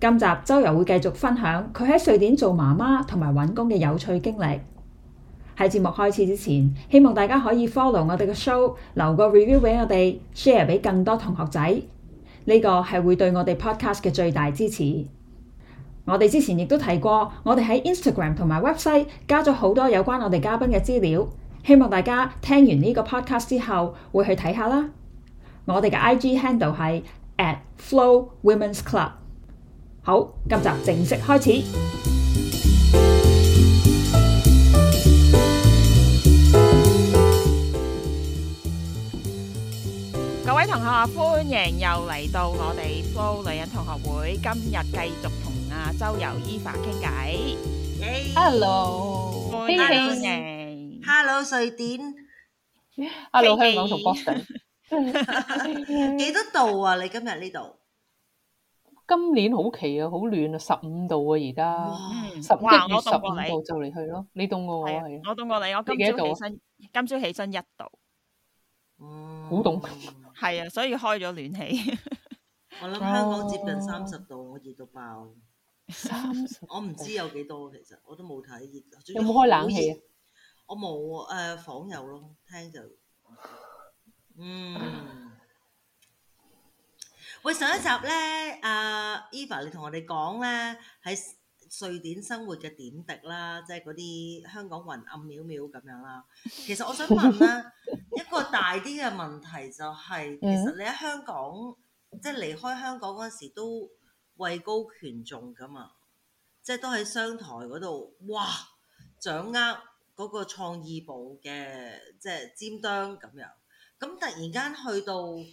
今集周游會繼續分享佢喺瑞典做媽媽同埋搵工嘅有趣經歷。喺節目開始之前，希望大家可以 follow 我哋嘅 show，留個 review 俾我哋，share 俾更多同學仔。呢個係會對我哋 podcast 嘅最大支持。我哋之前亦都提過，我哋喺 Instagram 同埋 website 加咗好多有關我哋嘉賓嘅資料，希望大家聽完呢個 podcast 之後會去睇下啦。我哋嘅 IG handle 係 at Flow Women’s Club。好，今集正式開始。各位同學，歡迎又嚟到我哋《Flo 女人同學會》，今日繼續同啊周游 Eva 傾偈。Hello，歡迎。Hello，瑞典。Hello，香港同 Boston。幾多度啊？你今日呢度？今年好奇啊，好暖啊，十五度啊而家，十一月十五度就嚟去咯，你凍過我、啊、我凍過你，我今朝起身，啊、今朝起身一度，好凍、嗯，係啊，所以開咗暖氣。我諗香港接近三十度，嗯、我熱到爆。三十度，我唔知有幾多，其實我都冇睇，有冇開冷氣？我冇，誒、啊、房有咯，聽就，嗯。喂，上一集咧，阿、啊、Eva 你同我哋講咧，喺瑞典生活嘅點滴啦，即係嗰啲香港雲暗渺渺咁樣啦。其實我想問咧， 一個大啲嘅問題就係、是，其實你喺香港，即係離開香港嗰時都位高權重噶啊，即係都喺商台嗰度，哇，掌握嗰個創意部嘅即係尖端咁樣。咁突然間去到誒，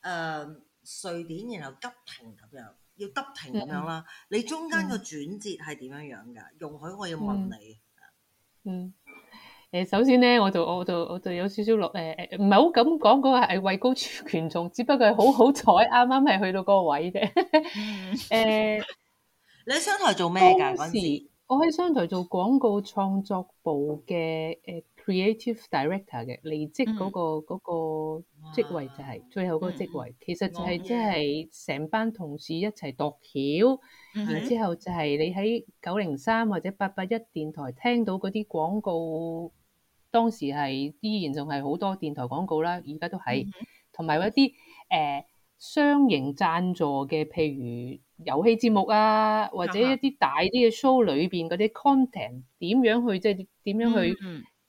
呃瑞典，然後急停咁樣，要急停咁、嗯、樣啦。你中間個轉折係點樣樣噶？嗯、容許我要問你。嗯。誒，首先咧，我就我就我就有少少落誒誒，唔係好敢講嗰個係位高權重，只不過係好好彩，啱啱係去到嗰個位啫。誒、 嗯， 呃、你喺商台做咩噶？嗰時，時我喺商台做廣告創作創作部嘅誒、啊、creative director 嘅，離職嗰個嗰個。那個職位就係、是、最後個職位，嗯、其實就係即係成班同事一齊度橋，嗯、哼然之後就係你喺九零三或者八八一電台聽到嗰啲廣告，當時係依然仲係好多電台廣告啦，而家都係，同埋嗰啲誒雙營贊助嘅，譬如遊戲節目啊，或者一啲大啲嘅 show 裏邊嗰啲 content 點樣去即係點樣去。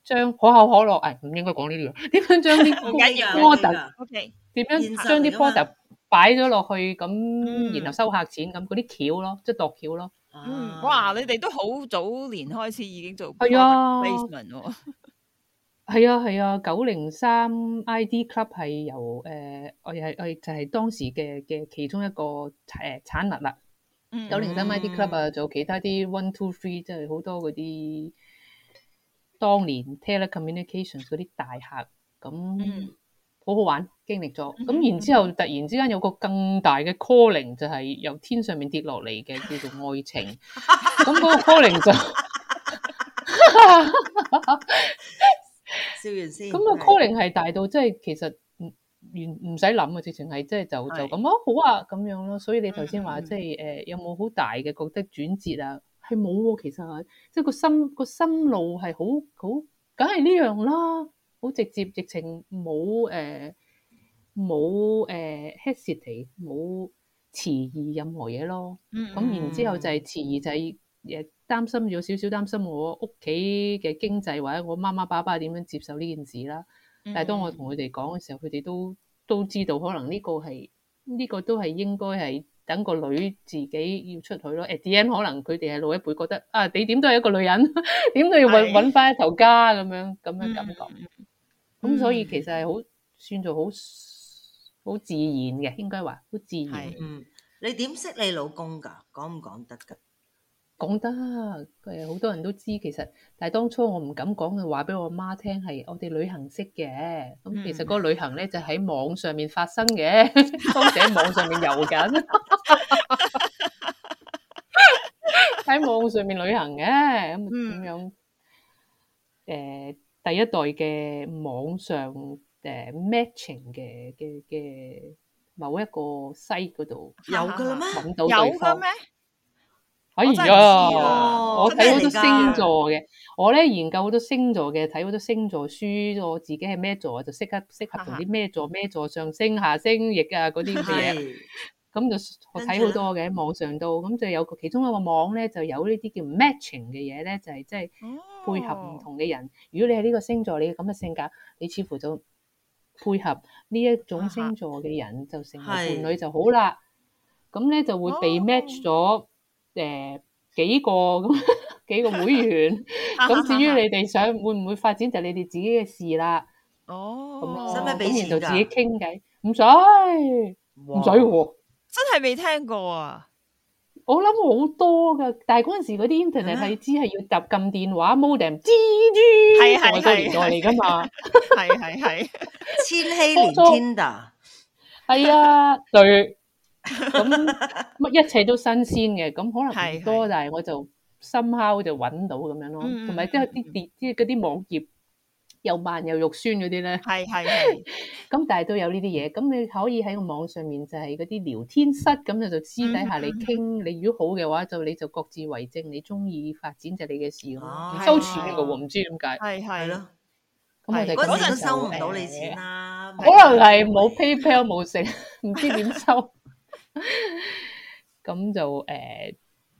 將可口可樂，誒，唔、哎、應該講呢啲。點樣將啲 product？O K，點樣將啲 product 擺咗落去咁，然後收客錢咁，嗰啲橋咯，即係度橋咯。就是、嗯，哇！你哋都好早年開始已經做係啊，placement。係啊係啊，九零三 I D Club 係由誒，我係我，就係、是、當時嘅嘅其中一個誒、呃、產物啦。九零三 I D Club 啊，做其他啲 one two three，即係好多嗰啲。當年 Telecommunications 嗰啲大客，咁好、嗯、好玩，經歷咗，咁、嗯、然之後突然之間有個更大嘅 calling，就係、是、由天上面跌落嚟嘅，叫做愛情。咁、那、嗰個 calling 就笑完先。 咁個 calling 係大到，即係其實唔唔唔使諗啊，直情係即係就就咁啊，好啊，咁樣咯、啊。所以你頭先話即係誒、呃，有冇好大嘅覺得轉折啊？係冇喎，其實即係個心個心路係好好，梗係呢樣啦，好直接，疫情冇誒冇誒 hesitate 冇遲疑任何嘢咯。咁、mm hmm. 然之後就係遲疑就係、是、誒擔心咗少少擔心我屋企嘅經濟或者我媽媽爸爸點樣接受呢件事啦。Mm hmm. 但係當我同佢哋講嘅時候，佢哋都都知道可能呢個係呢、這個都係應該係。等個女自己要出去咯，誒，啲人可能佢哋係老一輩覺得啊，你點都係一個女人，點 都要搵搵翻一頭家咁樣咁樣感覺，咁、嗯、所以其實係好算做好好自然嘅，應該話好自然。嗯，你點識你老公噶？講唔講得噶？講得，誒，好多人都知其實，但係當初我唔敢講，佢話俾我媽聽係我哋旅行識嘅。咁、嗯、其實嗰個旅行咧就喺、是、網上面發生嘅， 當時喺網上面遊緊，喺 網上面旅行嘅，咁點樣？誒、呃，第一代嘅網上誒 matching 嘅嘅嘅某一個 site 嗰度有噶啦到。有咩？哎呀，我睇好多星座嘅，我咧研究好多星座嘅，睇好多星座書，我自己係咩座就適合適合同啲咩座咩座上升下升，亦啊嗰啲嘢，咁就我睇好多嘅喺網上度，咁就有個其中一個網咧就有呢啲叫 matching 嘅嘢咧，就係即係配合唔同嘅人。如果你係呢個星座，你咁嘅性格，你似乎就配合呢一種星座嘅人就成為伴侶就好啦。咁咧就會被 match 咗。誒、呃，幾個咁 幾個會員，咁、 啊、哈哈 至於你哋想會唔會發展就你哋自己嘅事啦。哦，使唔使俾錢啊？就自己傾偈，唔使，唔使喎。啊、真係未聽過啊！我諗好多噶，但係嗰陣時嗰啲 internet 係、啊、只係要集禁電話 modem 蜘蛛，係係係年代嚟噶嘛，係係係千禧年代噶，係、嗯、啊、嗯嗯嗯嗯，對。咁乜一切都新鮮嘅，咁可能唔多，但係我就 somehow 就揾到咁樣咯，同埋即係啲跌，即係嗰啲網頁又慢又肉酸嗰啲咧，係係係，咁但係都有呢啲嘢，咁你可以喺個網上面就係嗰啲聊天室咁就私底下你傾，你如果好嘅話就你就各自為政，你中意發展就你嘅事咯，收錢嘅喎，唔知點解，係係咯，咁陣收唔到你錢啦，可能係冇 PayPal 冇成，唔知點收。咁就誒，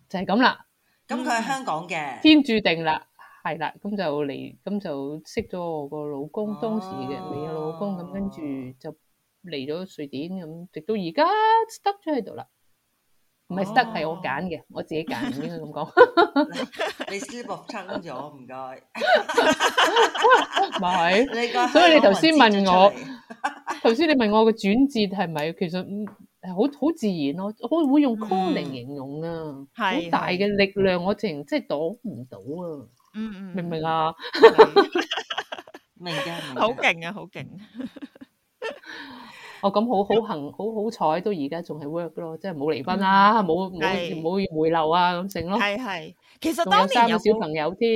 就係咁啦。咁佢係香港嘅，天注定啦，係啦。咁就嚟，咁就識咗我個老公，當時嘅你老公。咁跟住就嚟咗瑞典，咁直到而家 stuck 咗喺度啦。唔係 stuck，係我揀嘅，我自己揀應該咁講。你 sleep 撐咗，唔該。唔係，所以你頭先問我，頭先你問我個轉折係咪，其實？係好好自然咯，好會用 call 嚟形容啊，係好大嘅力量，我淨即係擋唔到啊，嗯嗯，明唔明啊？明嘅，好勁啊，好勁！哦，咁好好幸，好好彩，都而家仲係 work 咯，即係冇離婚啦，冇冇冇要回流啊，咁剩咯，係係。其實當年有小朋友添，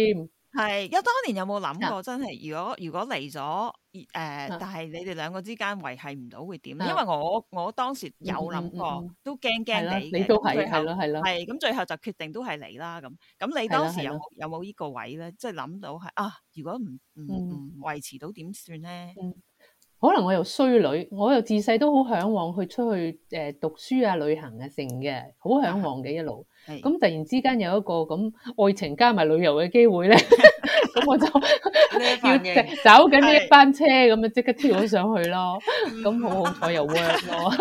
係有當年有冇諗過，真係如果如果嚟咗？誒，但係你哋兩個之間維繫唔到會點咧？因為我我當時有諗過，都驚驚地嘅。你都係係咯係咯，係咁最後就決定都係你啦。咁咁你當時有有冇呢個位咧？即係諗到係啊，如果唔唔唔維持到點算咧？可能我又衰女，我又自細都好向往去出去誒讀書啊、旅行啊成嘅，好向往嘅一路。咁突然之間有一個咁愛情加埋旅遊嘅機會咧。咁 我就 要走緊呢一班車，咁啊即刻跳咗上去咯。咁好好彩又 work 咯。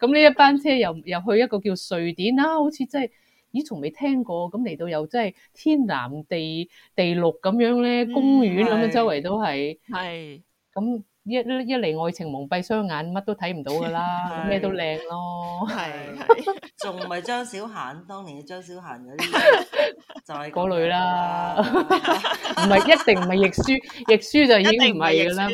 咁 呢一班車又又去一個叫瑞典啦、啊，好似真係咦從未聽過。咁嚟到又真係天藍地地綠咁樣咧，嗯、公園咁啊是周圍都係係咁。是嗯。一一一嚟愛情蒙蔽雙眼，乜都睇唔到噶啦，咩都靚咯，係，仲唔係張小嫻，當年嘅張小嫻嗰啲，就係嗰類啦。唔係一定唔係譯書，譯書就已經唔係噶啦。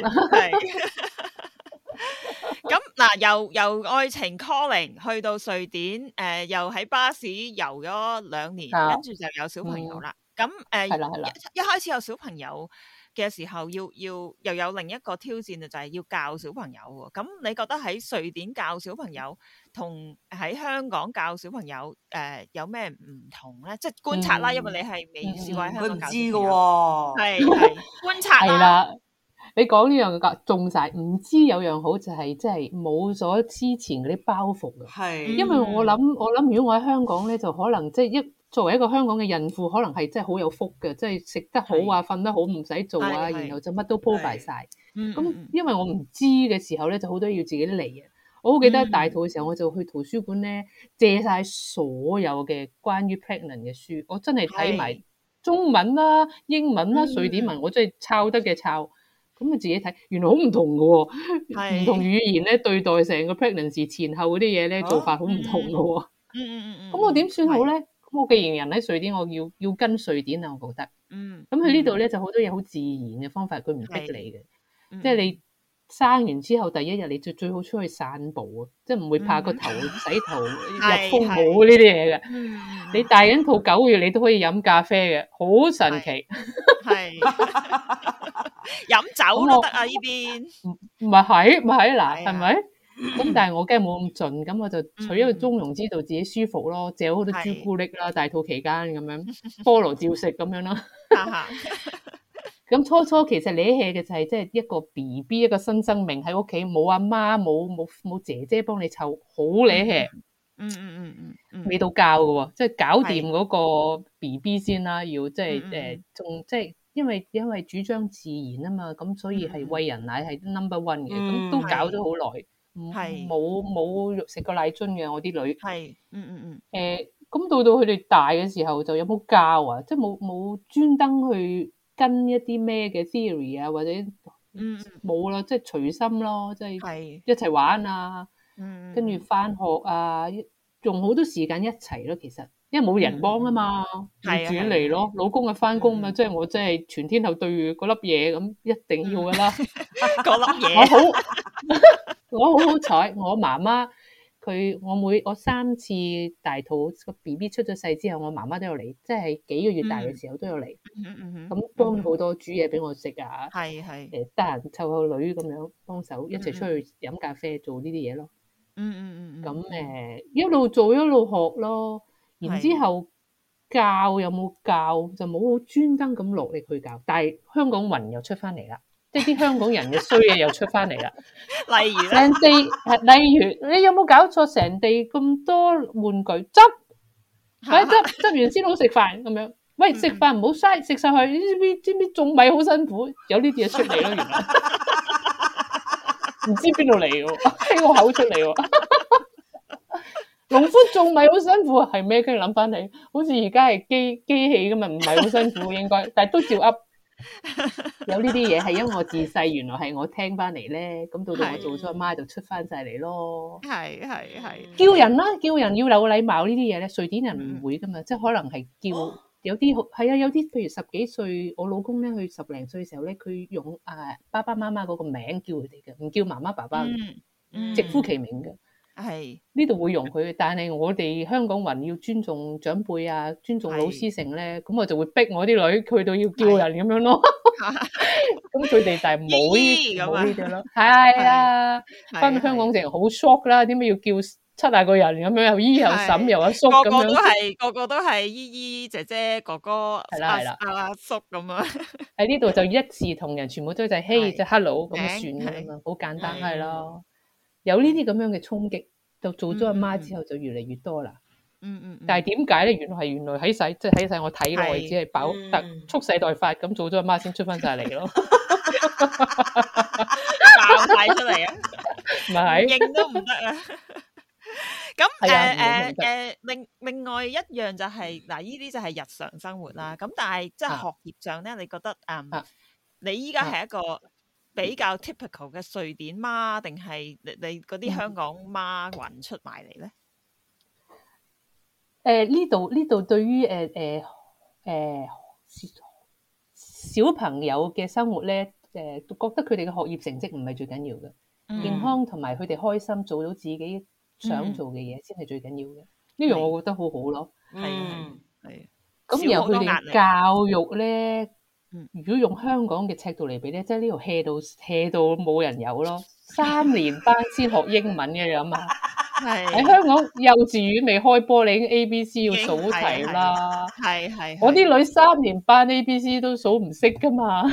咁嗱，由由愛情 calling 去到瑞典，誒，又喺巴士遊咗兩年，跟住就有小朋友啦。咁誒，係啦係啦，一開始有小朋友。嘅時候要要又有另一個挑戰就係要教小朋友喎。咁你覺得喺瑞典教小朋友同喺香港教小朋友，誒有咩唔同咧？即係觀察啦，因為你係未試過喺香港教小朋友。唔知嘅喎，係係觀察啦。你講呢樣嘅仲曬，唔知有樣好就係即係冇咗之前嗰啲包袱啊。係，因為我諗我諗如果我喺香港咧，就可能即係一。作為一個香港嘅孕婦，可能係真係好有福嘅，即係食得好啊，瞓是 得好，唔使做啊，是是然後就乜都鋪埋晒。咁是是、嗯、因為我唔知嘅時候咧，就好多人要自己嚟啊。我好記得大肚嘅時候，我就去圖書館咧，借晒所有嘅關於 pregnant 嘅書，我真係睇埋中文啦、啊、英文啦、啊、瑞典文，我真係抄得嘅抄。咁啊，自己睇原來好唔同嘅喎、哦，唔同語言咧，對待成個 pregnant 事前後嗰啲嘢咧，做法好唔同嘅喎。嗯，咁是是 我點算好咧？我既然人喺瑞典，我要我要跟瑞典啊！我覺得，嗯，咁佢呢度咧就好多嘢好自然嘅方法，佢唔逼你嘅。是即係你生完之後第一日，你就最好出去散步啊，即係唔會怕個頭、嗯、洗頭入風，冇呢啲嘢嘅。你大緊個肚九個月，你都可以飲咖啡嘅，好神奇，係飲酒都得啊！呢邊唔唔係喺唔係喺嗱係咪？邊咁 但係我驚冇咁盡，咁我就取一個中庸之道，自己舒服咯，借好多朱古力啦，大肚期間咁樣，菠蘿照食咁樣啦。咁 初初其實叻氣嘅就係即係一個 B B 一個新生命喺屋企，冇阿媽，冇冇冇姐姐幫你湊，好叻氣。嗯嗯嗯嗯，未 到教嘅喎，即係搞掂嗰個 B B 先啦，的要即係誒，仲即係因為因為主張自然啊嘛，咁所以係餵人奶係 number one 嘅，咁都搞咗好耐。 係冇冇食過奶樽嘅，我啲女係，嗯嗯嗯，誒、呃，咁到到佢哋大嘅時候，就有冇教啊？即係冇冇專登去跟一啲咩嘅 theory 啊，或者，嗯，嗯，冇啦，即係隨心咯，即係一齊玩啊，跟住返學啊，仲好、嗯嗯、多時間一齊咯，其實。因為冇人幫啊嘛，自己嚟咯。老公啊翻工啊，即係我即係全天候對嗰粒嘢咁，一定要噶啦。嗰粒嘢我好，我好好彩。我媽媽佢我妹，我三次大肚個 B B 出咗世之後，我媽媽都有嚟，即係幾個月大嘅時候都有嚟。咁幫好多煮嘢俾我食啊，係係誒得閒湊個女咁樣幫手，一齊出去飲咖啡做呢啲嘢咯。嗯嗯嗯。咁誒一路做一路學咯。然之後教又冇教就冇專登咁落力去教，但係香港魂又出翻嚟啦，即係啲香港人嘅衰嘢又出翻嚟啦。例如咧，成地例如你有冇搞錯？成地咁多玩具執，喂執執完先好食飯咁樣。喂食飯唔好嘥，食晒去。知唔知？知唔知種米好辛苦？有呢啲嘢出嚟咯，原來唔 知邊度嚟嘅喎，喺 我口出嚟喎。 農夫種米好辛苦啊，係咩？跟住諗翻起，好似而家係機機器咁啊，唔係好辛苦應該，但係都照噏。 有呢啲嘢係因為我自細原來係我聽翻嚟咧，咁到到我做咗媽媽就出翻晒嚟咯。係係係。叫人啦，叫人要有禮貌呢啲嘢咧，瑞典人唔會噶嘛，嗯、即係可能係叫有啲好係啊，有啲譬如十幾歲，我老公咧佢十零歲嘅時候咧，佢用啊爸爸媽媽嗰個名叫佢哋嘅，唔叫媽媽爸爸，嗯、直呼其名嘅。係呢度會容佢，但係我哋香港人要尊重長輩啊，尊重老師性咧，咁我就會逼我啲女去到要叫人咁樣咯。咁佢哋就係冇呢，冇呢啲咯。係啊，翻香港成好 shock 啦，點解要叫七十個人咁樣又姨又嬸又阿叔咁樣？個個都係，個個都係姨姨姐姐哥哥阿阿叔咁樣。喺呢度就一視同仁，全部都就嘿，就 hello 咁算噶啦，好簡單係咯。有呢啲咁樣嘅衝擊，就做咗阿媽之後就越嚟越多啦。嗯嗯。但係點解咧？原來係原來喺細即係喺細我體內只係飽，蓄勢待發咁做咗阿媽先出翻晒嚟咯。爆晒出嚟啊！唔係？認都唔得啊！咁誒誒誒，另另外一樣就係嗱，呢啲就係日常生活啦。咁但係即係學業上咧，你覺得誒，你依家係一個？比較 typical 嘅瑞典媽定係你你嗰啲香港媽魂出埋嚟咧？誒，呢度呢度對於誒誒誒小朋友嘅生活咧，誒、呃、覺得佢哋嘅學業成績唔係最緊要嘅，嗯、健康同埋佢哋開心做到自己想做嘅嘢先係最緊要嘅。呢樣、嗯、我覺得好好咯，係係。咁由佢哋教育咧？。如果用香港嘅尺度嚟比咧，即係呢度 hea 到 hea 到冇人有囉。三年班先學英文嘅樣呀，係喺香港幼稚園未開波，你已經 ABC 要數齊啦。係係，我啲女三年班 ABC 都數唔識㗎嘛。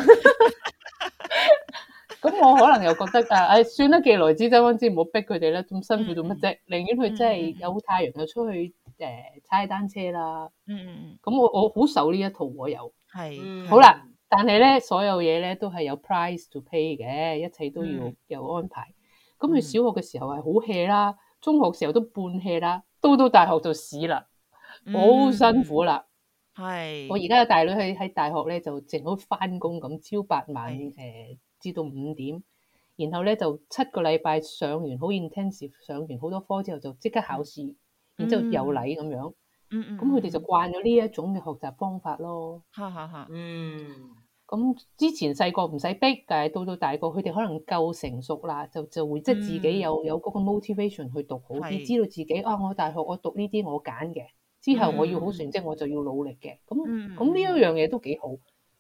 咁我可能又覺得呀，唉，算啦，既來之則安之，唔好逼佢哋啦，咁辛苦做乜啫？寧願佢真係有太陽就出去呃踩單車啦。嗯嗯，咁我我好受呢一套，我有。係好啦。但係咧，所有嘢咧都係有 price to pay 嘅，一切都要有、嗯、安排。咁、嗯、佢小學嘅時候係好 hea 啦，嗯、中學時候都半 hea 啦，到到大學就屎啦，好、嗯、辛苦啦。係是。我而家嘅大女喺喺大學咧，就正好翻工咁朝八晚誒、呃，至到五點，然後咧就七個禮拜上完好 i n t e n s e 上完好多科之後就即刻考試，嗯、然之後有禮咁樣。嗯，咁佢哋就慣咗呢一種嘅學習方法咯。吓吓吓，嗯，咁之前細個唔使逼嘅，但到到大個，佢哋可能夠成熟啦，就就會即係自己有、嗯、有個 motivation 去讀好啲，是知道自己啊，我大學我讀呢啲我揀嘅，之後我要好成績我就要努力嘅。咁咁呢一樣嘢都幾好，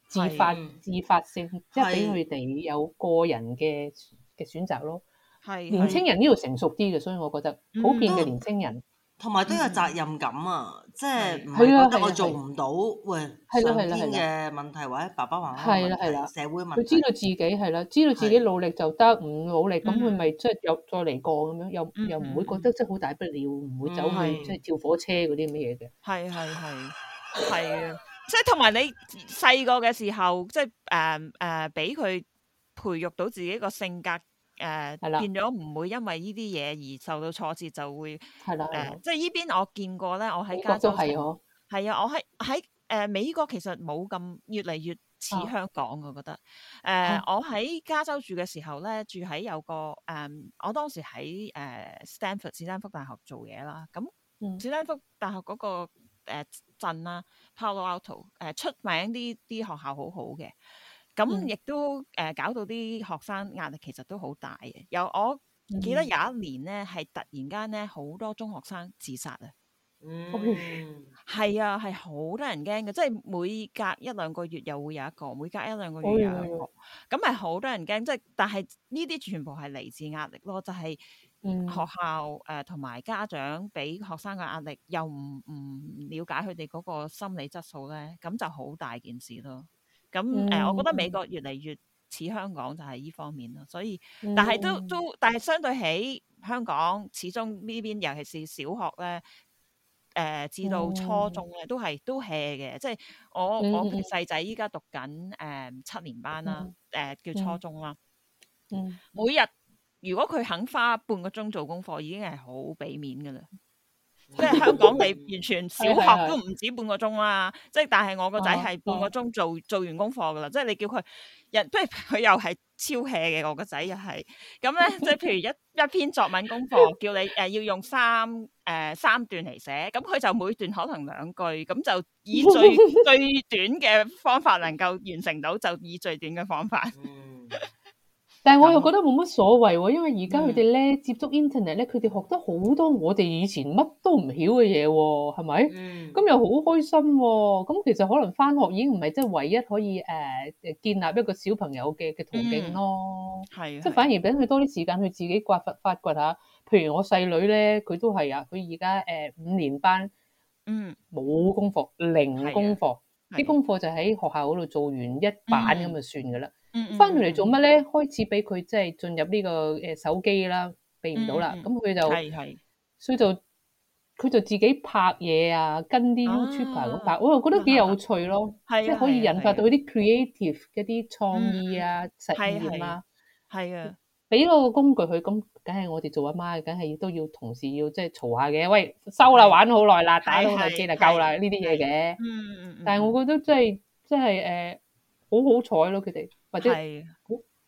自發是自發性，即係俾佢哋有個人嘅嘅選擇咯。係，年青人呢度成熟啲嘅，所以我覺得普遍嘅年青人、嗯。啊同埋都有責任感啊！即係唔係覺得我做唔到，喂，上天嘅問題或者爸爸媽媽嘅問題、社會問題，佢知道自己係啦，知道自己努力就得，唔努力咁佢咪即係又再嚟過咁樣，又又唔會覺得即係好大不了，唔會走去即係跳火車嗰啲乜嘢嘅。係係係係啊！即係同埋你細個嘅時候，即係誒誒，俾佢培育到自己個性格。誒、uh, 的變咗唔會因為呢啲嘢而受到挫折，就會係啦誒，即係呢邊我見過咧，我喺加州係啊，我喺喺誒美國其實冇咁越嚟越似香港，啊、我覺得誒、uh, 的我喺加州住嘅時候咧，住喺有個誒，uh, 我當時喺、uh, Stanford（, Stanford、嗯、斯坦福大學做嘢啦，咁斯坦福大學嗰個誒鎮啦，Palo Alto 誒出名啲啲學校好好嘅。咁亦都誒搞到啲學生壓力其實都好大嘅。有我記得有一年呢，係、嗯、突然間呢，好多中學生自殺、嗯、啊。嗯，係啊，係好多人驚嘅，即係每隔一兩個月又會有一個，每隔一兩個月又有一個，咁係好多人驚。即係但係呢啲全部係嚟自壓力咯，就係、是、學校誒同埋家長俾學生嘅壓力，又唔唔了解佢哋嗰個心理質素咧，咁就好大件事咯。咁誒、呃，我覺得美國越嚟越似香港，就係依方面咯。所以，但係都都，但係相對起香港，始終呢邊尤其是小學咧，誒、呃、至到初中咧都係都 hea 嘅。即係我我個細仔依家讀緊誒、呃、七年班啦，誒、呃、叫初中啦。嗯，每日如果佢肯花半個鐘做功課，已經係好俾面噶啦。 即係香港，你完全小學都唔止半個鐘啦、啊。即係 是，但係我個仔係半個鐘做做完功課㗎喇。即係你叫佢，人即係佢又係超 hea 嘅。我個仔又係咁咧。即係譬如一 一篇作文功課，叫你誒要用三誒、呃、三段嚟寫，咁佢就每段可能兩句，咁就以最 最短嘅方法能夠完成到，就以最短嘅方法。 但係我又覺得冇乜所謂喎，因為而家佢哋咧接觸 internet 咧，佢哋學得好多我哋以前乜都唔曉嘅嘢喎，係咪？咁又好開心喎。咁其實可能返學已經唔係即係唯一可以誒建立一個小朋友嘅嘅途徑咯。係，即係反而俾佢多啲時間去自己刮發發掘下。譬如我細女咧，佢都係啊，佢而家誒五年班，嗯，冇功課，零功課，啲功課就喺學校嗰度做完一版咁就算㗎啦。翻咗嚟做乜咧？開始俾佢即係進入呢個誒手機啦，避唔到啦。咁佢就係係，所以就佢就自己拍嘢啊，跟啲 YouTube 嚟攞拍，我又覺得幾有趣咯，即係可以引發到啲 creative 嗰啲創意啊、實驗啦，係啊，俾個工具佢咁，梗係我哋做阿媽，梗係都要同時要即係嘈下嘅。喂，收啦，玩好耐啦，打到就機啦，夠啦呢啲嘢嘅。嗯嗯嗯但係我覺得即係即係誒好好彩咯，佢哋。或者佢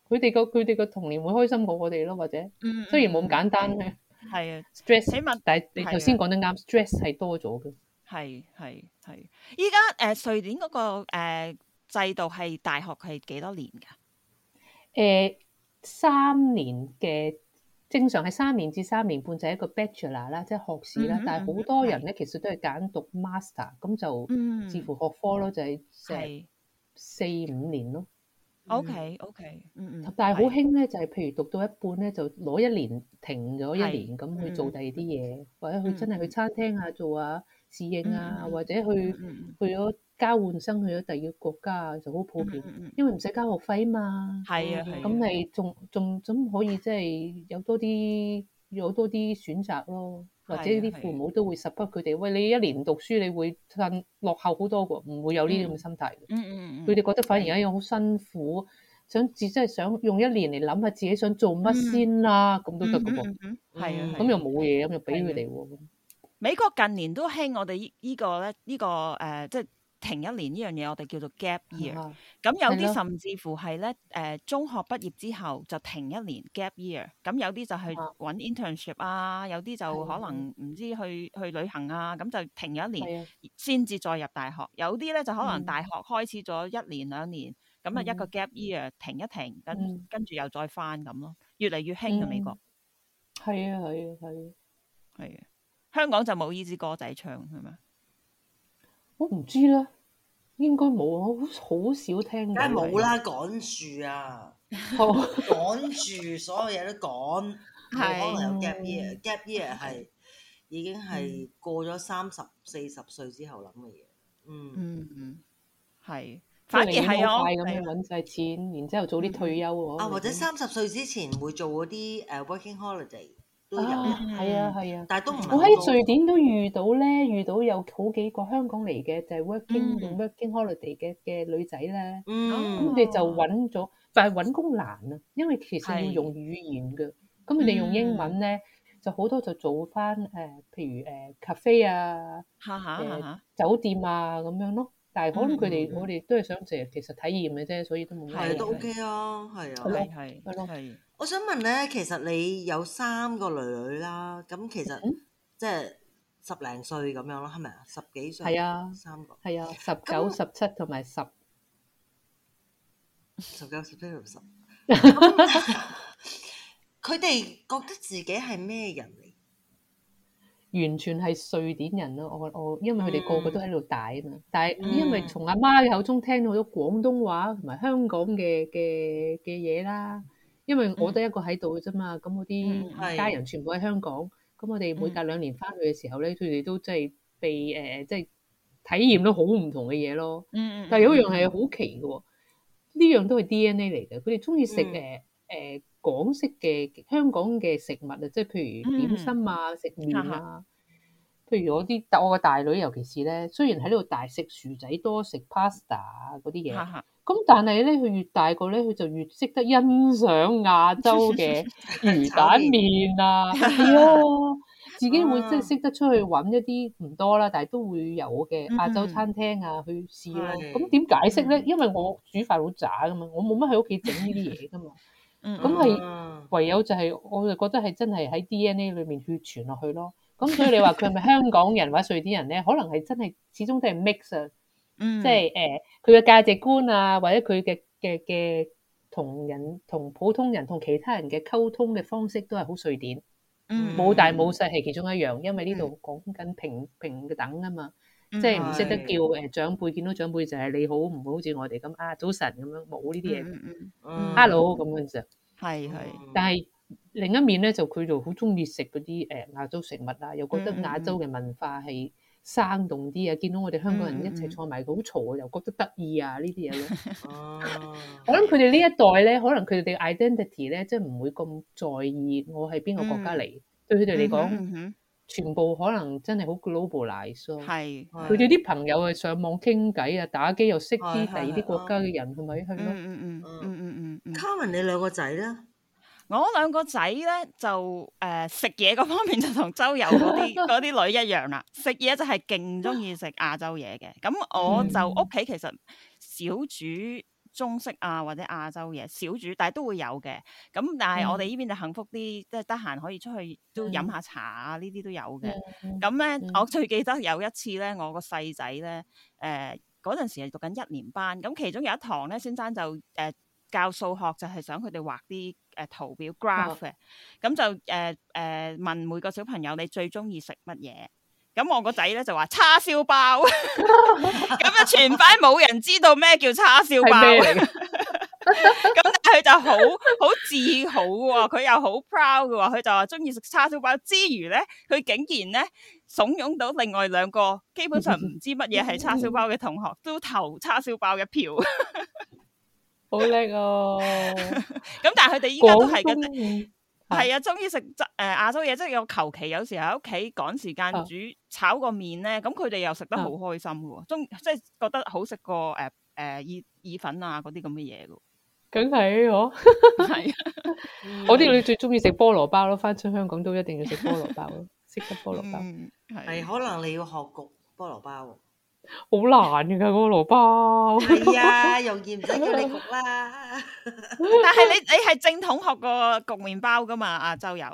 佢哋個佢哋個童年會開心過我哋咯，或者嗯嗯嗯雖然冇咁簡單嘅，係啊 stress，但係你頭先講得啱的，stress 係多咗嘅。係係係，依家誒瑞典嗰、那個、呃、制度係大學係幾多年㗎？誒、呃、三年嘅正常係三年至三年半就係一個 Bachelor 啦，即係學士啦。嗯嗯嗯但係好多人咧的其實都係揀讀 Master，咁就視乎學科咯的、嗯，就係四四五年咯。Mm hmm. OK OK，嗯、mm、嗯，hmm. 但係好興咧，就係、是、譬如讀到一半咧，就攞一年停咗一年咁、mm hmm. 去做第二啲嘢，或者去真係去餐廳啊做下、啊、侍應啊，mm hmm. 或者去去咗交換生去咗第二國家啊，就好普遍，mm hmm. 因為唔使交學費啊嘛，係、mm hmm. 嗯、啊，咁係仲仲咁可以即係有多啲有多啲選擇咯。或者啲父母都會 support 佢哋，的喂，你一年讀書，你會褪落後好多㗎，唔會有呢啲咁嘅心態、嗯。嗯嗯，佢哋、嗯、覺得反而而家一樣好辛苦，想自即係想用一年嚟諗下自己想做乜先啦，咁都得嘅噃。係啊，咁又冇嘢，咁就俾佢哋喎。美國近年都興我哋呢依個咧，依、依個誒、呃、即係。停一年呢樣嘢，我哋叫做 gap year。咁有啲甚至乎係咧，誒、呃，中學畢業之後就停一年 gap year。咁有啲就去揾 internship 啊，有啲就可能唔知去、嗯、去旅行啊，咁就停一年先至再入大學。有啲咧就可能大學開始咗一年兩年，咁啊一個 gap year 停一停，跟、嗯、跟住又再翻咁咯，越嚟越興嘅、啊嗯、美國。係啊係啊係。係、嗯、啊、嗯，香港就冇呢支歌仔唱係咪？我唔知啦，應該冇，我好好少聽。梗係冇啦，趕住啊， 趕住所有嘢都趕。我 可能有 gap year，gap year 係的 year 已經係過咗三十四十歲之後諗嘅嘢。嗯嗯嗯，係、嗯。反而係我快咁樣揾晒錢，的然之後早啲退休喎。啊，或者三十歲之前會做嗰啲誒 working holiday。啊，係啊，係啊，但係都唔，我喺瑞典都遇到咧，遇到有好幾個香港嚟嘅，就係 working working holiday 嘅嘅女仔咧。咁佢哋就揾咗，但係揾工難啊，因為其實要用語言嘅，咁佢哋用英文咧，就好多就做翻誒，譬如誒 cafe 啊，嚇嚇嚇酒店啊咁樣咯。但係可能佢哋我哋都係想成其實體驗嘅啫，所以都冇咩。係都 OK 啊，係啊，係係係。我想問咧，其實你有三個女女啦，咁其實即係十零歲咁樣咯，係咪啊？十幾歲，係啊，三個，係啊，十九、十七同埋十，十九、十七同十，佢哋覺得自己係咩人嚟？完全係瑞典人咯，我我因為佢哋個個都喺度大啊嘛，但係因為從阿媽嘅口中聽到好多廣東話同埋香港嘅嘅嘅嘢啦。因為我都一個喺度嘅啫嘛，咁、嗯、我啲家人全部喺香港，咁、嗯、我哋每隔兩年翻去嘅時候咧，佢哋、嗯、都真係被誒、呃、即係體驗到好唔同嘅嘢咯。嗯，但係有一樣係好奇嘅，呢樣都係 DNA 嚟嘅。佢哋中意食誒誒港式嘅香港嘅食物啊，即係譬如點心啊、嗯、食麵啊。嗯嗯、譬如我啲我個大女，尤其是咧，雖然喺呢度大食薯仔多食 pasta 嗰啲嘢。咁但係咧，佢越大個咧，佢就越識得欣賞亞洲嘅魚蛋麵啊，係啊，自己會即係識得出去揾一啲唔多啦，但係都會有嘅亞洲餐廳啊去試咯。咁點解釋咧？因為我煮飯好渣噶嘛，我冇乜喺屋企整呢啲嘢噶嘛。咁係唯有就係，我就覺得係真係喺 DNA 裏面去傳落去咯。咁所以你話佢係咪香港人或者瑞典人咧？可能係真係始終都係 mix 啊。即係誒，佢嘅價值觀啊，或者佢嘅嘅嘅同人同普通人同其他人嘅溝通嘅方式都係好瑞典。冇、mm hmm. 大冇細係其中一樣。因為呢度講緊平平等啊嘛，mm hmm. 即係唔識得叫誒、呃、長輩見到長輩就係、是、你好唔好，好似我哋咁啊早晨咁樣冇呢啲嘢，hello 咁、mm hmm. 樣上。係係，但係、mm hmm. 另一面咧就佢就好中意食嗰啲誒亞洲食物啊，又覺得亞洲嘅文化係。Mm 生動啲啊！見到我哋香港人一齊坐埋，好嘈、嗯嗯、啊！又覺得得意啊！呢啲嘢咧，哦，我諗佢哋呢一代咧，可能佢哋嘅 identity 咧，即係唔會咁在意我係邊個國家嚟。嗯、對佢哋嚟講，嗯、哼哼全部可能真係好 globalised 係，佢哋啲朋友啊，上網傾偈啊，打機又識啲第二啲國家嘅人，係咪的？係咯、嗯，嗯嗯嗯嗯嗯嗯嗯。嗯嗯嗯嗯嗯、Carmen，你兩個仔咧？我兩個仔咧，就誒，食嘢嗰方面就同周游嗰啲啲女一樣啦，食嘢就係勁中意食亞洲嘢嘅。咁我就屋企、嗯、其實少煮中式啊或者亞洲嘢，少煮但係都會有嘅。咁但係我哋呢邊就幸福啲，即係得閒可以出去都飲下茶啊，呢啲、嗯、都有嘅。咁咧、嗯、我最記得有一次咧，我個細仔咧誒，嗰陣時係讀緊一年班，咁其中有一堂咧，先生就誒。呃教數學就係想佢哋畫啲誒圖表 graph 嘅，咁就誒誒、呃呃、問每個小朋友你最中意食乜嘢？咁我個仔咧就話叉燒包，咁 啊全班冇人知道咩叫叉燒包嚟嘅，咁但係佢就好好自豪，佢又好 proud 嘅話，佢就話中意食叉燒包之餘咧，佢竟然咧慫恿到另外兩個基本上唔知乜嘢係叉燒包嘅同學都投叉燒包嘅票。 好叻哦！咁 但係佢哋依家都係嘅，係的啊，中意食誒亞洲嘢，即係有求其有時喺屋企趕時間煮，啊、炒個麵咧，咁佢哋又食得好開心嘅喎，中即係覺得好食過誒誒、呃、意意粉啊嗰啲咁嘅嘢咯，梗係我，係啊，我啲女最中意食菠蘿包咯，返出香港都一定要食菠蘿包咯，識得菠蘿包，係、 嗯、可能你要學焗菠蘿包。好難噶，嗰、那個蘿蔔係啊，容易唔使叫你焗啦。 但係你你係正統學過焗麵包噶嘛，阿周游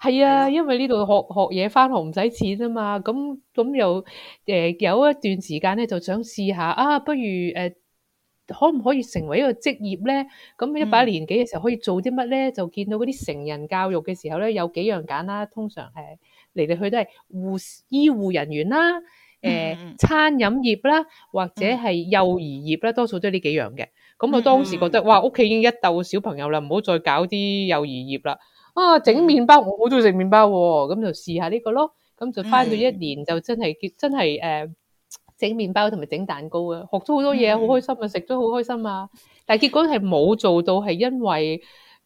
係啊，啊因為呢度學學嘢翻學唔使錢啊嘛。咁咁又誒、呃，有一段時間咧就想試下啊，不如誒、呃，可唔可以成為一個職業咧？咁一把年紀嘅時候可以做啲乜咧？嗯、就見到嗰啲成人教育嘅時候咧，有幾樣揀啦。通常係嚟嚟去都係護醫護人員啦。呃，餐飲業啦，或者係幼兒業啦，多數都係呢幾樣嘅。咁，我當時覺得，哇，屋企已經一竇小朋友啦，唔好再搞啲幼兒業啦。啊，整麵包，我好中意食麵包喎。咁，就試下呢個咯。咁，就返到一年，就真係，真係，呃，整麵包同埋整蛋糕。學咗好多嘢，好開心呀，食咗好開心呀。但係結果，係冇做到，係因為，uh,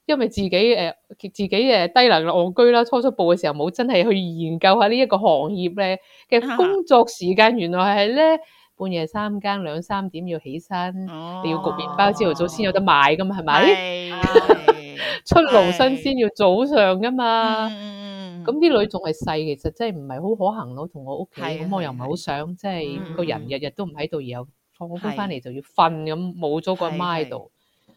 因為自己誒自己誒低能戇居啦，初初步嘅時候冇真係去研究下呢一個行業咧嘅工作時間。 原來係咧半夜三更兩三點要起身，你、哦、要焗麵包朝頭早先有得買㗎嘛，係咪？ 出爐新鮮要早上噶嘛，咁啲的女仲係細，其實真係唔係好可行咯。同我屋企咁，的我又唔係好想即係、就是、個人日日都唔喺度，而我放工翻嚟就要瞓咁，冇咗個媽喺度。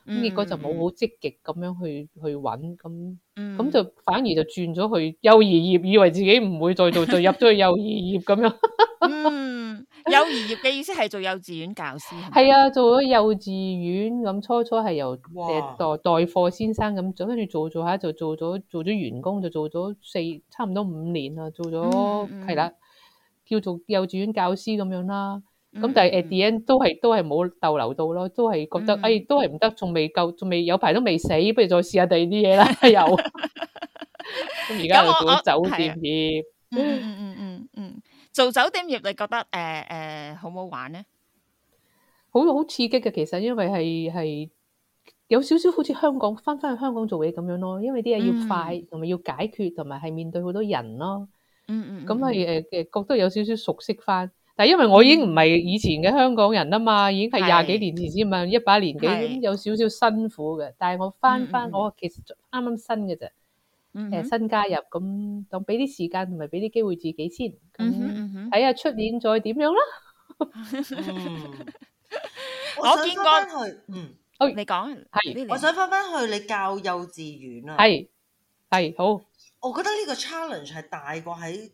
咁、嗯、結果就冇好積極咁樣去去揾，咁咁、嗯、就反而就轉咗去幼兒業，以為自己唔會再做，就入咗去幼兒業咁樣。 嗯，幼兒業嘅意思係做幼稚園教師。係 吧啊，做咗幼稚園咁，初初係由嘅代代課先生咁嘩做，跟住做做下就做咗做咗員工，就做咗四差唔多五年啦，做咗係啦，叫做幼稚園教師咁樣啦。咁但係誒，D N 都係都係冇逗留到咯，都係覺得，誒，都係唔得，仲未夠，仲未有排都未死，不如再試下第二啲嘢啦。又咁而家又做酒店業，嗯嗯嗯嗯嗯，做酒店業你覺得誒誒好唔好玩咧？好，好刺激嘅，其實，因為係係有少少好似香港翻翻去香港做嘢咁樣咯，因為啲嘢要快，同埋要解決，同埋係面對好多人咯。嗯嗯，咁係誒誒，覺得有少少熟悉翻。但係因為我已經唔係以前嘅香港人吖嘛，已經係廿幾年前先嘛，一把是年紀咁是有少少辛苦嘅。但係我翻翻、嗯嗯、我其實啱啱新嘅啫，誒、嗯嗯、新加入咁，當俾啲時間同埋俾啲機會自己先，咁睇下出年再點樣囉、 嗯。我見返去，嗯，你講係，我想翻翻去你教幼稚園啊，係係好。我覺得呢個 challenge 係大過喺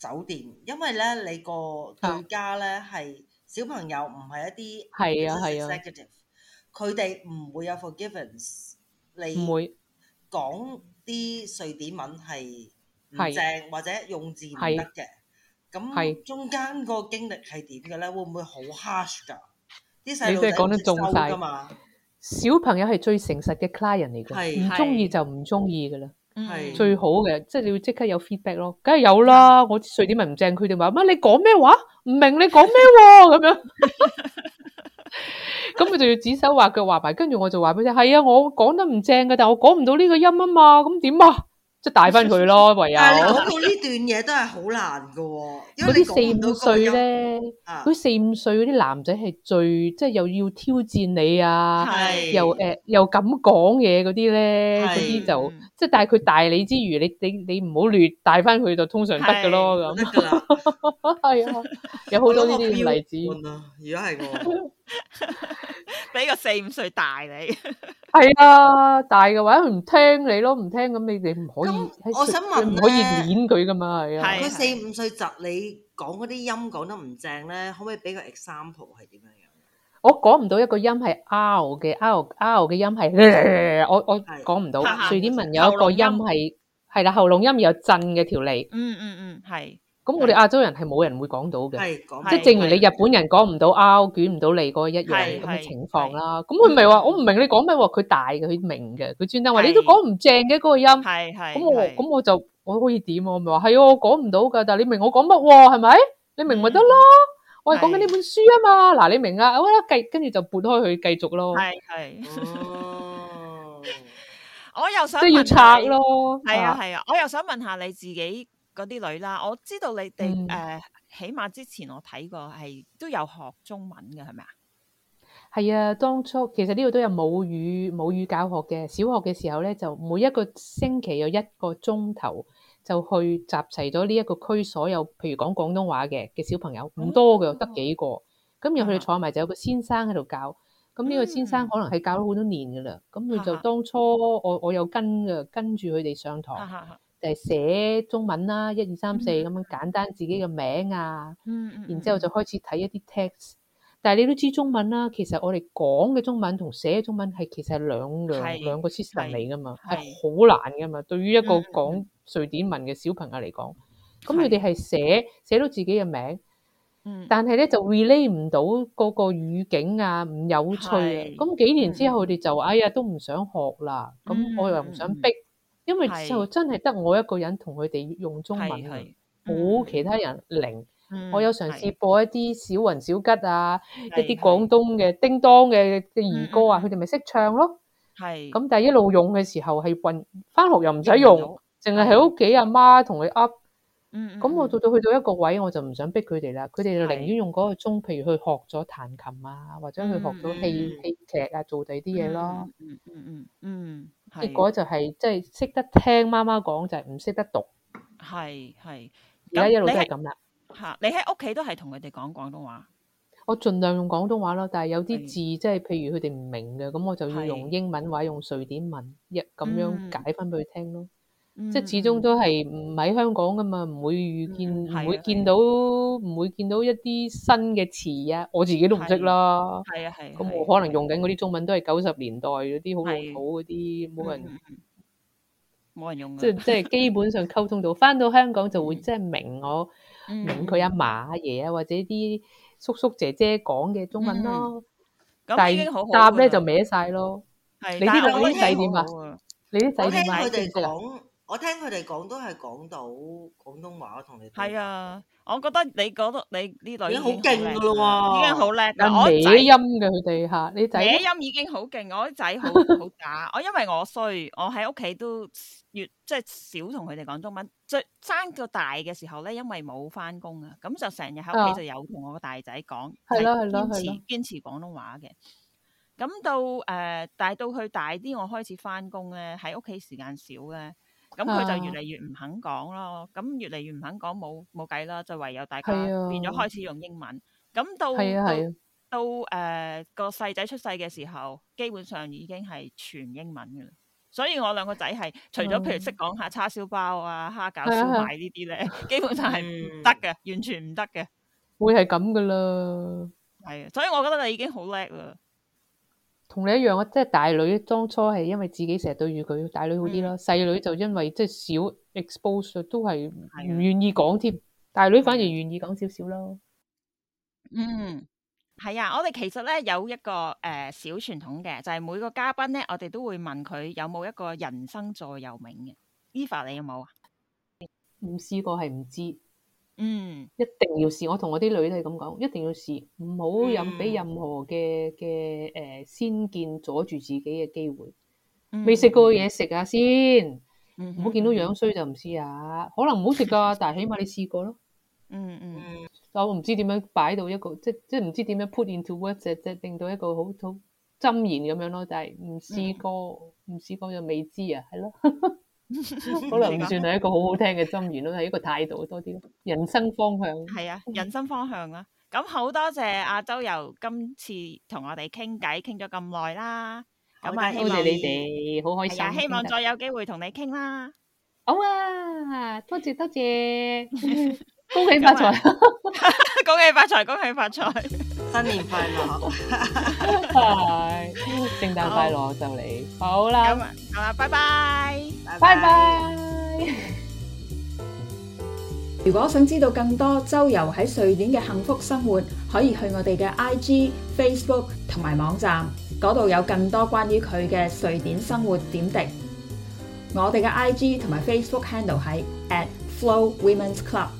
酒店，因為咧你個對家咧係小朋友，唔係一啲係啊係啊，佢哋唔會有 forgiveness，你唔會講啲瑞典文係唔正是或者用字唔得嘅。咁係是中間個經歷係點嘅咧？會唔會好 harsh 噶？啲細路得中受嘅嘛？小朋友係最誠實嘅 client 嚟嘅，唔中意就唔中意噶啦。係最好嘅，即、就、係、是、你要即刻有 feedback 咯，梗係有啦。我啲瑞典咪唔正，佢哋話乜你講咩話？唔、啊、明你講咩喎？咁樣，咁 佢、嗯、就要指手畫腳話埋，跟住我就話俾你聽：係啊，我講得唔正嘅，但係我講唔到呢個音啊嘛，咁點啊？即係帶翻佢咯，唯有。但係你呢段嘢都係好難噶，因嗰啲四五歲咧，嗰啲 四五歲嗰啲男仔係最，啊、即係又要挑戰你啊，是又誒、呃、又敢講嘢嗰啲咧，嗰啲是就即係帶佢大你之馀，你你你唔好亂帶翻佢就通常得噶咯咁。係啊。有好多呢啲例子。如果係嘅。 俾 個四五歲大你 ，係啊，大嘅話佢唔聽你咯，唔聽，咁你哋唔可以，我想問唔可以攆佢噶嘛，係啊。佢四五歲窒你講嗰啲音講得唔正咧，可唔可以俾個 example 係點樣樣？我講唔到一個音係 r 嘅 r r 嘅音係，我我講唔到。瑞典文有一個音係，係啦，喉嚨音有震嘅條脷。嗯嗯嗯，係。咁我哋亞洲人係冇人會講到嘅，即係正如你日本人講唔到拗捲唔到你嗰個一樣嘅情況啦。咁佢咪話我唔明你講乜喎，佢大嘅，佢明嘅，佢專登話你都講唔正嘅嗰個音。係係，咁我咁我就我可以點，我咪話係我講唔到噶但係你明我講乜喎係咪？你明咪得咯？我係講緊呢本書啊嘛，嗱你明啦，好啦，繼跟住就撥開佢繼續咯。係係哦，我又想即係要拆咯，係啊係啊，我又想問下你自己。嗰啲女啦，我知道你哋誒，嗯 uh, 起碼之前我睇過，係都有學中文嘅，係咪啊？係啊，當初其實呢度都有母語母語教學嘅。小學嘅時候咧，就每一個星期有一個鐘頭就去集齊咗呢一個區所有，譬如講廣東話嘅嘅小朋友，唔多嘅，得幾個。咁然後佢哋坐埋就有個先生喺度教。咁呢個先生可能係教咗好多年噶啦。咁佢、嗯、就當初、嗯、我我有跟嘅，跟住佢哋上堂。嗯就係寫中文啦，一二三四咁樣簡單自己嘅名啊，然之後就開始睇一啲 text。但係你都知中文啦，其實我哋講嘅中文同寫嘅中文係其實係兩兩兩個 system 嚟噶嘛，係好難噶嘛。對於一個講瑞典文嘅小朋友嚟講，咁佢哋係寫寫到自己嘅名，但係咧就 relate 唔到嗰個語境啊，唔有趣啊。咁幾年之後，佢哋就哎呀都唔想學啦。咁我又唔想逼。因為就真係得我一個人同佢哋用中文，冇其他人零。我有嘗試播一啲小云小吉啊，一啲廣東嘅叮當嘅嘅兒歌啊，佢哋咪識唱咯。係咁，但係一路用嘅時候係運翻學又唔使用，淨係喺屋企阿媽同佢 up。咁我到到去到一個位，我就唔想逼佢哋啦。佢哋就寧願用嗰個鐘，譬如去學咗彈琴啊，或者去學咗戲戲劇啊，做第啲嘢咯。嗯嗯嗯。結果就係即係識得聽媽媽講，就係唔識得讀。係係。而家一路都係咁啦。嚇！你喺屋企都係同佢哋講廣東話。我盡量用廣東話咯，但係有啲字即係的譬如佢哋唔明嘅，咁我就要用英文或者用瑞典文一咁的樣解翻俾佢聽咯。嗯。即係始終都係唔喺香港㗎嘛，唔會遇見，唔會見到，唔會見到一啲新嘅詞啊！我自己都唔識啦。係啊係。咁我可能用緊嗰啲中文都係九十年代嗰啲好老土嗰啲，冇人冇人用。即係即係基本上溝通到翻到香港就會即係明我明佢阿嫲阿爺啊或者啲叔叔姐姐講嘅中文咯。但答咧就歪曬咯。係，你呢度啲仔點啊？你啲仔點啊？我聽佢哋講都係講到廣東話,話，同你係啊。我覺得你講到你呢女已經好勁噶咯喎，已經好叻啦。我仔音嘅佢哋吓你仔音已經好勁，我啲仔好好假。我因為我衰，我喺屋企都越即係、就是、少同佢哋講中文。最生到大嘅時候咧，因為冇翻工啊，咁就成日喺屋企就有同我個大仔講，係咯係咯係咯，堅持堅持廣東話嘅。咁到誒，uh, 但到大到佢大啲，我開始翻工咧，喺屋企時間少咧。咁佢就越嚟越唔肯講咯，咁越嚟越唔肯講冇冇計啦，就唯有大家變咗開始用英文，咁、啊、到、啊、到到誒、呃、個細仔出世嘅時候，基本上已經係全英文嘅啦。所以我兩個仔係除咗譬如識講下叉燒包啊、蝦餃、啊、燒賣、啊、呢啲咧，基本上係唔得嘅，嗯、完全唔得嘅，會係咁噶啦。係、啊，所以我覺得你已經好叻啦。同你一樣啊，即係大女當初係因為自己成日對住佢，大女好啲咯，細、嗯、女就因為即係少 exposure 都係唔願意講添，大女反而願意講少少咯。嗯，係啊，我哋其實咧有一個誒、呃、小傳統嘅，就係、是、每個嘉賓咧，我哋都會問佢有冇一個人生座右銘嘅，Eva 你有冇啊？冇試過係唔知。嗯，一定要試。我同我啲女都係咁講，一定要試，唔好任俾任何嘅嘅誒先見阻住自己嘅機會。未食過嘢食下先，唔好見到樣衰就唔試啊。可能唔好食噶， 但係起碼你試過咯。嗯嗯，我唔知點樣擺到一個，即即唔知點樣 put into words，即即令到一個好好箴言，咁樣咯。但係唔試過，唔試 過就未知啊，係咯。 可能唔算係一個好好聽嘅箴言咯，係 一個態度多啲咯，人生方向。係 啊，人生方向、啊啊、啦。咁好多謝阿周游今次同我哋傾偈，傾咗咁耐啦。咁啊，多謝你哋，好 開心、係啊。希望再有機會同你傾啦。好啊，多謝多謝。 恭喜發財 恭喜發財！恭喜發財！新年快樂！拜聖誕快樂，就嚟好啦吧，拜拜，拜拜 bye。如果想知道更多周游喺瑞典嘅幸福生活，可以去我哋嘅 I G、Facebook 同埋網站嗰度，那裡有更多關於佢嘅瑞典生活點滴。我哋嘅 I G 同埋 Facebook handle 喺 At Flo Women's Club。